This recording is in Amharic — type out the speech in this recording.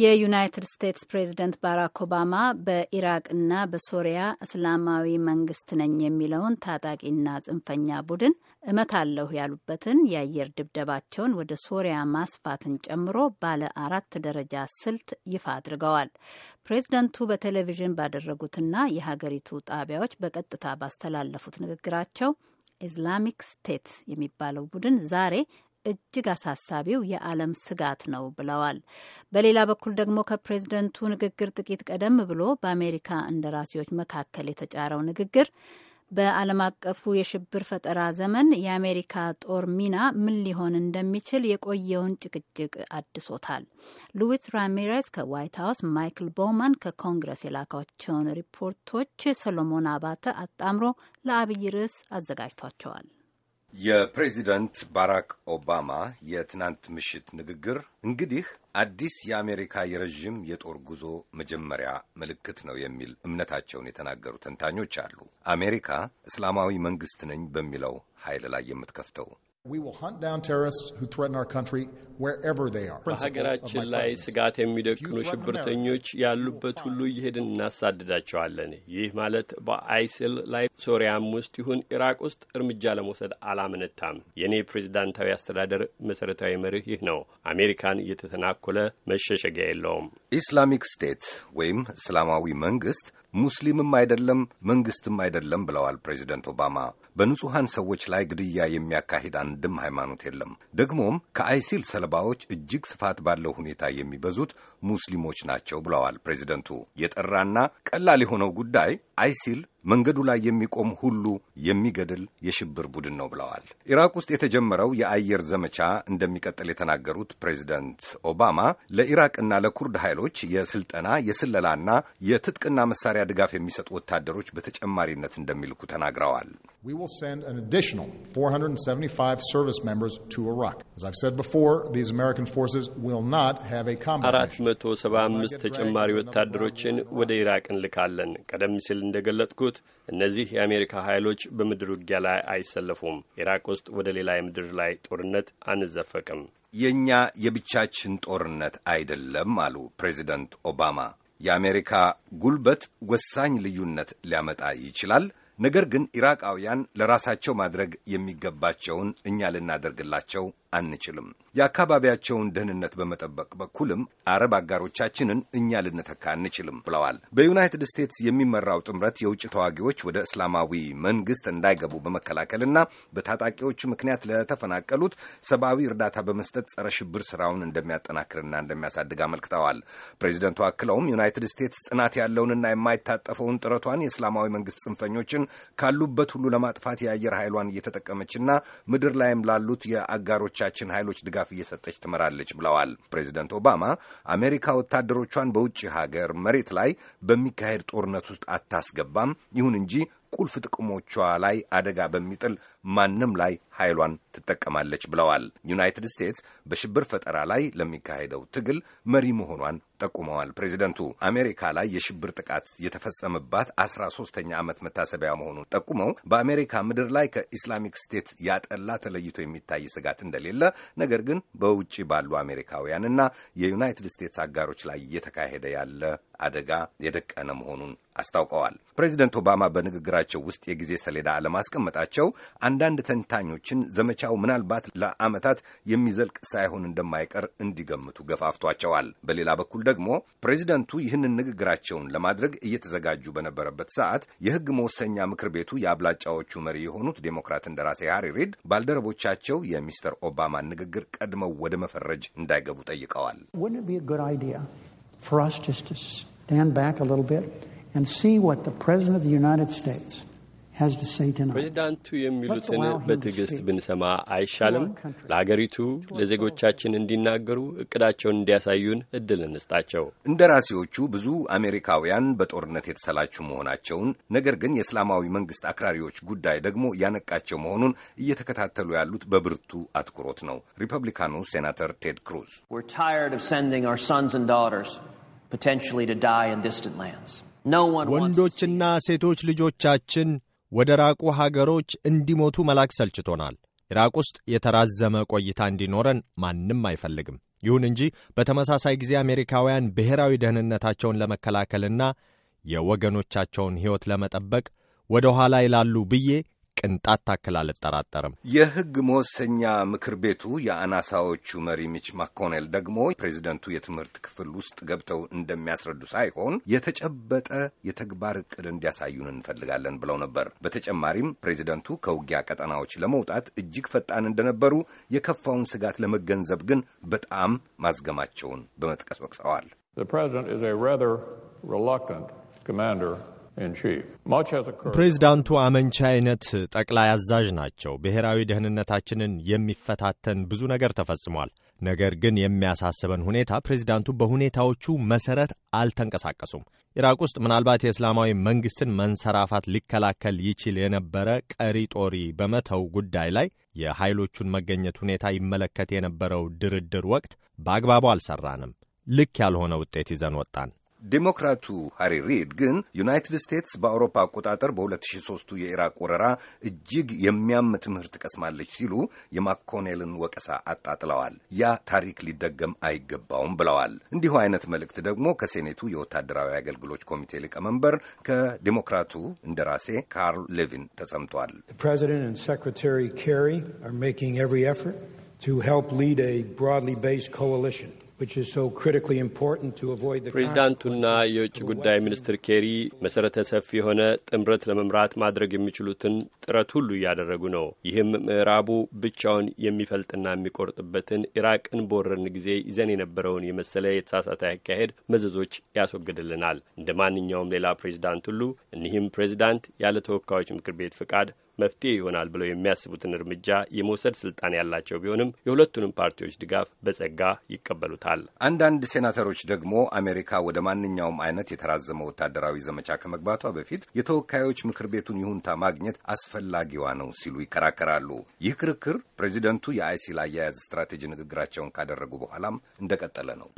የዩናይትድ ስቴትስ ፕሬዝደንት ባራክ ኦባማ በኢራቅና በሶሪያ እስላማዊ መንግስት ነኝ የሚለውን ታጣቂና ጽንፈኛ ቡድን እመታለሁ ያሉበትን የአየር ድብደባቸውን ወደ ሶሪያ ማስፋትን ጨምሮ ባለ አራት ደረጃ ስልት ይፋ አድርገዋል። ፕሬዝደንቱ በቴሌቪዥን ባደረጉትና የሀገሪቱ ጣቢያዎች በቀጥታ ባስተላለፉት ንግግራቸው ኢስላሚክ ስቴት የሚባለው ቡድን ዛሬ እጅግ አሳሳቢው የዓለም ስጋት ነው ብለዋል። በሌላ በኩል ደግሞ ከፕሬዝደንቱ ንግግር ጥቂት ቀደም ብሎ በአሜሪካ እንደራሴዎች መካከል የተጫረው ንግግር በዓለም አቀፉ የሽብር ፈጠራ ዘመን የአሜሪካ ጦር ሚና ምን ሊሆን እንደሚችል የቆየውን ጭቅጭቅ አድሶታል። ሉዊስ ራሚሬዝ ከዋይት ሀውስ፣ ማይክል ቦውማን ከኮንግረስ የላካቸውን ሪፖርቶች ሰሎሞን አባተ አጣምሮ ለአብይ ርዕስ አዘጋጅቷቸዋል። የፕሬዚደንት ባራክ ኦባማ የትናንት ምሽት ንግግር እንግዲህ አዲስ የአሜሪካ የረዥም የጦር ጉዞ መጀመሪያ ምልክት ነው የሚል እምነታቸውን የተናገሩ ተንታኞች አሉ። አሜሪካ እስላማዊ መንግሥት ነኝ በሚለው ኃይል ላይ የምትከፍተው በሀገራችን ላይ ስጋት የሚደቅኑ ሽብርተኞች ያሉበት ሁሉ እየሄድን እናሳድዳቸዋለን። ይህ ማለት በአይስል ላይ ሶሪያም ውስጥ ይሁን ኢራቅ ውስጥ እርምጃ ለመውሰድ አላመነታም። የእኔ ፕሬዚዳንታዊ አስተዳደር መሠረታዊ መርህ ይህ ነው። አሜሪካን እየተተናኮለ መሸሸጊያ የለውም። ኢስላሚክ ስቴት ወይም እስላማዊ መንግስት ሙስሊምም አይደለም መንግስትም አይደለም ብለዋል ፕሬዚደንት ኦባማ። በንጹሐን ሰዎች ላይ ግድያ የሚያካሂድ አንድም ሃይማኖት የለም። ደግሞም ከአይሲል ሰለባዎች እጅግ ስፋት ባለው ሁኔታ የሚበዙት ሙስሊሞች ናቸው ብለዋል ፕሬዚደንቱ። የጠራና ቀላል የሆነው ጉዳይ አይሲል መንገዱ ላይ የሚቆም ሁሉ የሚገድል የሽብር ቡድን ነው ብለዋል። ኢራቅ ውስጥ የተጀመረው የአየር ዘመቻ እንደሚቀጥል የተናገሩት ፕሬዚደንት ኦባማ ለኢራቅና ለኩርድ ኃይሎች የስልጠና የስለላና የትጥቅና መሳሪያ ድጋፍ የሚሰጡ ወታደሮች በተጨማሪነት እንደሚልኩ ተናግረዋል። We will send an additional 475 service members to Iraq. As I've said before, these American forces will not have a combat. 475 ተጨማሪ ወታደሮችን ወደ ኢራቅ እንልካለን። ቀደም ሲል እንደገለጥኩት እነዚህ የአሜሪካ ኃይሎች በምድር ውጊያ ላይ አይሰለፉም። ኢራቅ ውስጥ ወደ ሌላ የምድር ላይ ጦርነት አንዘፈቅም። የእኛ የብቻችን ጦርነት አይደለም አሉ ፕሬዚደንት ኦባማ። የአሜሪካ ጉልበት ወሳኝ ልዩነት ሊያመጣ ይችላል ነገር ግን ኢራቃውያን ለራሳቸው ማድረግ የሚገባቸውን እኛ ልናደርግላቸው አንችልም። የአካባቢያቸውን ደህንነት በመጠበቅ በኩልም አረብ አጋሮቻችንን እኛ ልንተካ አንችልም ብለዋል። በዩናይትድ ስቴትስ የሚመራው ጥምረት የውጭ ተዋጊዎች ወደ እስላማዊ መንግስት እንዳይገቡ በመከላከልና በታጣቂዎቹ ምክንያት ለተፈናቀሉት ሰብአዊ እርዳታ በመስጠት ጸረ ሽብር ስራውን እንደሚያጠናክርና እንደሚያሳድግ አመልክተዋል። ፕሬዚደንቱ አክለውም ዩናይትድ ስቴትስ ጽናት ያለውንና የማይታጠፈውን ጥረቷን የእስላማዊ መንግስት ጽንፈኞችን ካሉበት ሁሉ ለማጥፋት የአየር ኃይሏን እየተጠቀመችና ምድር ላይም ላሉት የአጋሮች ለአጋሮቻችን ኃይሎች ድጋፍ እየሰጠች ትመራለች ብለዋል። ፕሬዚደንት ኦባማ አሜሪካ ወታደሮቿን በውጭ ሀገር መሬት ላይ በሚካሄድ ጦርነት ውስጥ አታስገባም፣ ይሁን እንጂ ቁልፍ ጥቅሞቿ ላይ አደጋ በሚጥል ማንም ላይ ኃይሏን ትጠቀማለች ብለዋል። ዩናይትድ ስቴትስ በሽብር ፈጠራ ላይ ለሚካሄደው ትግል መሪ መሆኗን ጠቁመዋል። ፕሬዚደንቱ አሜሪካ ላይ የሽብር ጥቃት የተፈጸመባት አስራ ሶስተኛ ዓመት መታሰቢያ መሆኑን ጠቁመው በአሜሪካ ምድር ላይ ከኢስላሚክ ስቴት ያጠላ ተለይቶ የሚታይ ስጋት እንደሌለ፣ ነገር ግን በውጭ ባሉ አሜሪካውያንና የዩናይትድ ስቴትስ አጋሮች ላይ እየተካሄደ ያለ አደጋ የደቀነ መሆኑን አስታውቀዋል። ፕሬዚደንት ኦባማ በንግግራቸው ውስጥ የጊዜ ሰሌዳ አለማስቀመጣቸው አንዳንድ ተንታኞችን ዘመቻው ምናልባት ለዓመታት የሚዘልቅ ሳይሆን እንደማይቀር እንዲገምቱ ገፋፍቷቸዋል። በሌላ በኩል ደግሞ ፕሬዚደንቱ ይህንን ንግግራቸውን ለማድረግ እየተዘጋጁ በነበረበት ሰዓት የሕግ መወሰኛ ምክር ቤቱ የአብላጫዎቹ መሪ የሆኑት ዴሞክራት እንደራሴ ሃሪ ሪድ ባልደረቦቻቸው የሚስተር ኦባማን ንግግር ቀድመው ወደ መፈረጅ እንዳይገቡ ጠይቀዋል። for us just to stand back a little bit and see what the President of the United States ፕሬዚዳንቱ የሚሉትን በትዕግስት ብንሰማ አይሻልም? ለአገሪቱ ለዜጎቻችን እንዲናገሩ እቅዳቸውን እንዲያሳዩን እድል እንስጣቸው። እንደራሴዎቹ ብዙ አሜሪካውያን በጦርነት የተሰላችሁ መሆናቸውን፣ ነገር ግን የእስላማዊ መንግስት አክራሪዎች ጉዳይ ደግሞ ያነቃቸው መሆኑን እየተከታተሉ ያሉት በብርቱ አትኩሮት ነው። ሪፐብሊካኑ ሴናተር ቴድ ክሩዝ ወንዶችና ሴቶች ልጆቻችን ወደ ራቁ ሀገሮች እንዲሞቱ መላክ ሰልችቶናል። ኢራቅ ውስጥ የተራዘመ ቆይታ እንዲኖረን ማንም አይፈልግም። ይሁን እንጂ በተመሳሳይ ጊዜ አሜሪካውያን ብሔራዊ ደህንነታቸውን ለመከላከልና የወገኖቻቸውን ሕይወት ለመጠበቅ ወደ ኋላ ይላሉ ብዬ ቅንጣት ታክል አልጠራጠርም። የህግ መወሰኛ ምክር ቤቱ የአናሳዎቹ መሪ ሚች ማኮኔል ደግሞ ፕሬዚደንቱ የትምህርት ክፍል ውስጥ ገብተው እንደሚያስረዱ ሳይሆን የተጨበጠ የተግባር እቅድ እንዲያሳዩን እንፈልጋለን ብለው ነበር። በተጨማሪም ፕሬዚደንቱ ከውጊያ ቀጠናዎች ለመውጣት እጅግ ፈጣን እንደነበሩ፣ የከፋውን ስጋት ለመገንዘብ ግን በጣም ማዝገማቸውን በመጥቀስ ወቅሰዋል። ፕሬዚዳንቱ አመንቺ አይነት ጠቅላይ አዛዥ ናቸው። ብሔራዊ ደህንነታችንን የሚፈታተን ብዙ ነገር ተፈጽሟል። ነገር ግን የሚያሳስበን ሁኔታ ፕሬዚዳንቱ በሁኔታዎቹ መሰረት አልተንቀሳቀሱም። ኢራቅ ውስጥ ምናልባት የእስላማዊ መንግስትን መንሰራፋት ሊከላከል ይችል የነበረ ቀሪ ጦሪ በመተው ጉዳይ ላይ የኃይሎቹን መገኘት ሁኔታ ይመለከት የነበረው ድርድር ወቅት በአግባቡ አልሰራንም። ልክ ያልሆነ ውጤት ይዘን ወጣን። ዴሞክራቱ ሃሪ ሪድ ግን ዩናይትድ ስቴትስ በአውሮፓ አቆጣጠር በ2003ቱ የኢራቅ ወረራ እጅግ የሚያም ትምህርት ቀስማለች ሲሉ የማኮኔልን ወቀሳ አጣጥለዋል። ያ ታሪክ ሊደገም አይገባውም ብለዋል። እንዲሁ አይነት መልእክት ደግሞ ከሴኔቱ የወታደራዊ አገልግሎች ኮሚቴ ሊቀመንበር ከዴሞክራቱ እንደራሴ ካርል ሌቪን ተሰምቷል። ሪ ሪ ፕሬዚዳንቱና የውጭ ጉዳይ ሚኒስትር ኬሪ መሠረተ ሰፊ የሆነ ጥምረት ለመምራት ማድረግ የሚችሉትን ጥረት ሁሉ እያደረጉ ነው። ይህም ምዕራቡ ብቻውን የሚፈልጥና የሚቆርጥበትን ኢራቅን በወረርን ጊዜ ይዘን የነበረውን የመሰለ የተሳሳተ አካሄድ መዘዞች ያስወግድልናል። እንደ ማንኛውም ሌላ ፕሬዚዳንት ሁሉ እኒህም ፕሬዚዳንት ያለ ተወካዮች ምክር ቤት ፍቃድ መፍትሄ ይሆናል ብለው የሚያስቡትን እርምጃ የመውሰድ ስልጣን ያላቸው ቢሆንም የሁለቱንም ፓርቲዎች ድጋፍ በጸጋ ይቀበሉታል። አንዳንድ ሴናተሮች ደግሞ አሜሪካ ወደ ማንኛውም አይነት የተራዘመ ወታደራዊ ዘመቻ ከመግባቷ በፊት የተወካዮች ምክር ቤቱን ይሁንታ ማግኘት አስፈላጊዋ ነው ሲሉ ይከራከራሉ። ይህ ክርክር ፕሬዚደንቱ የአይሲል አያያዝ ስትራቴጂ ንግግራቸውን ካደረጉ በኋላም እንደቀጠለ ነው።